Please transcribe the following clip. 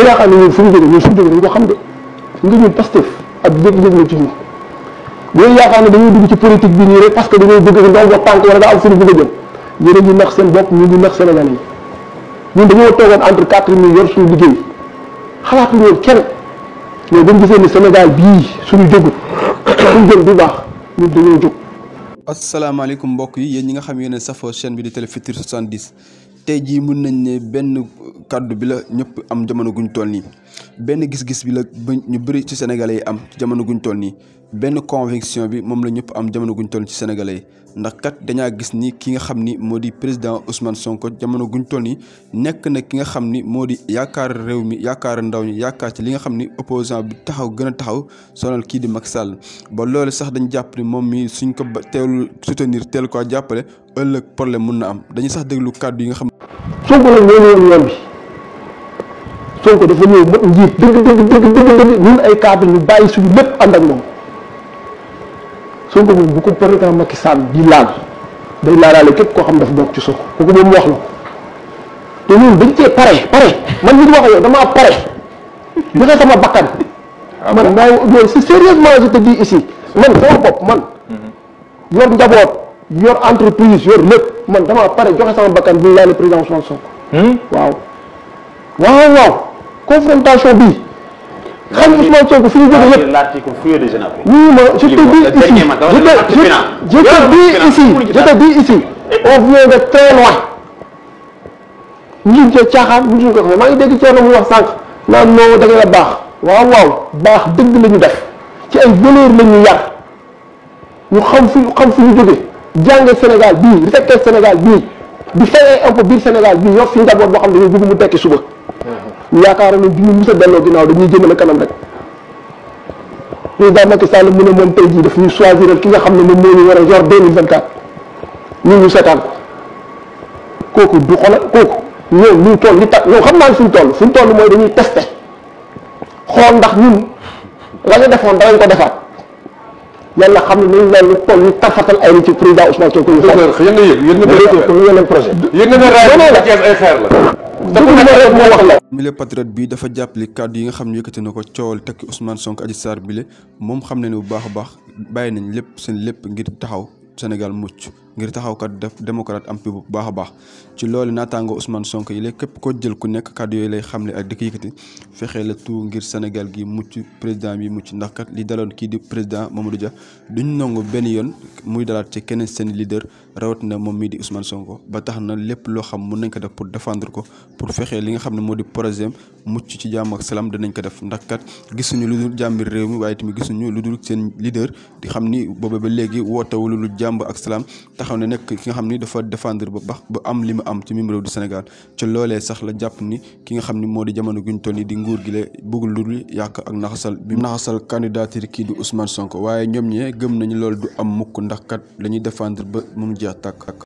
bu yaakaar ne ñun fu ñu jógee ñun suñu jógee dañu ko xam de nga ñun Pastef ci ñun bu bi rek parce que dañoo bëgg a jëm yéen a ngi nax seen bopp ñu ngi nax Sénégal yi ñun dañoo toogoon entre quatre mille yor suñu liggéey xalaatuñu woon mais bu ñu ni Sénégal bii suñu jógut suñu jëm du baax ñun dañoo jóg. asalaamaaleykum mbokk yi yéen ñi nga xam yéen a safoo chaîne bi di Télé Futur tey jii mun nañ ne benn kàddu bi la ñëpp am jamono guñ toll nii benn gis-gis bi la ba ñu bëri ci sénégalais yi am jamono guñ toll nii benn conviction bi moom la ñëpp am jamono guñ toll ci sénégalais yi ndax kat dañaa gis ni ki nga xam ni moo di président Ousmane Sonko jamono guñ toll nii nekk na ki nga xam ni moo di yaakaar réew mi yaakaar ndaw ñi yaakaar ci li nga xam ni opposant bi taxaw gën a taxaw sonal kii di mag sàll ba loolu sax dañ jàpp moom mi suñ ko teelul soutenir teel ko jàppale ëllëg problème mun na am dañuy sax déglu kàddu yi nga xam Sonko nag ñoo ñëwoon yoon bi Sonko dafa ñëw mët njiit dëgg dëgg dëgg dëgg dëgg ñun ay cadre ñu bàyyi suñu lépp ànd ak moom Sonko moom bu ko président Macky Sall di laal day laalaale képp koo xam daf bokk ci Sonko kooku moom wax la te ñun dañ cee pare pare man li wax yow damaa pare joxe sama bakkan ah man maa loolu c'est sérieusement je te dis ici man sama bopp man mhm. yor njaboot yor entreprise yor lépp man damaa pare joxe sama bakkan bu laale président Ousmane Sonko. Hmm? waaw waaw waaw confrontation bi. xam nga Ousmane Sonko fi ñu jógee yëpp l'article fouillé de Genappe. oui ma je te dis ici je te dis ici je te dis ici on vient de très loin. ñu ngi caaxaan ngi ko xam maa ngi dégg Thierno mu wax sànq naan non da nga la baax waaw waaw baax dëgg la ñu ci ay valeur la ñu yar ñu xam fu xam ñu jógee. jàng Sénégal bii rekkee Sénégal bii di fayee impôt biir Sénégal bii yor fi njaboot boo xam ne dañuy bëgg mu tekki suba ñu mhm. yaakaaroon ne bi delloo ginnaaw dañuy jëmale kanam rek président Macky Sall mu ne moom tey jii daf ñu choisiral ki nga xam ne moom moo ñu war a yor 2024 ñu ñu seetaan ko kooku du xoolal kooku ñoom ñu toll li tax ñoom xam naa ne suñ toll suñ toll mooy dañuy testé xool ndax ñun la ñu defoon danañ ko defaat yàlla xam ne nañ loolu toll ñu tafatal ay nit ci président Ousmane Sonko ñu xeex yéen a yëg yéen yeneen projet yéen ne raay Thiès ay xeer la dafa nekk moo wax la mile patriote bi dafa jàppale kàddu yi nga xam ne yëkkati na ko coowal tekki Ousmane Sonko Adji Sarr bile moom xam ne ne bu baax a baax bàyyi nañ lépp seen lépp ngir taxaw Sénégal mucc ngir taxaw kat def démocrate am pi bu baax a baax ci loolu naataango Ousmane sonk yi la képp koo jël ku nekk kàddu yooyu lay xamle ak di ko yëkkati fexee la tout ngir Sénégal gi mucc président bi mucc ndax kat li daloon kii di président Mamadou Dia duñ nangu benn yoon muy dalaat ci keneen seen leader rawat moom mii di Ousmane Sonko ba tax na lépp loo xam mun nañ ko def pour défendre ko pour fexee li nga xam ne moo di projet mucc ci jàmm ak salaam danañ ko def ndax kat gisuñu lu dul jàmbir réew mi waaye tamit gisuñu lu dul seen leader di xam ni booba ba léegi wootewul lu jàmb ak salaam taxaw ne nekk ki nga xam ni dafa défendre ba bax ba am li mu am ci mim du Sénégal ci loolee sax la jàpp ni ki nga xam ni moo di jamono guñ toll nii di nguur gi la bëggul lu dul yàq ak naxasal bi naxasal candidature kii di Ousmane Sonko waaye ñoom ñee gëm nañu loolu du am mukk ndax kat lañuy ñuy ba mu jeex tàkk ak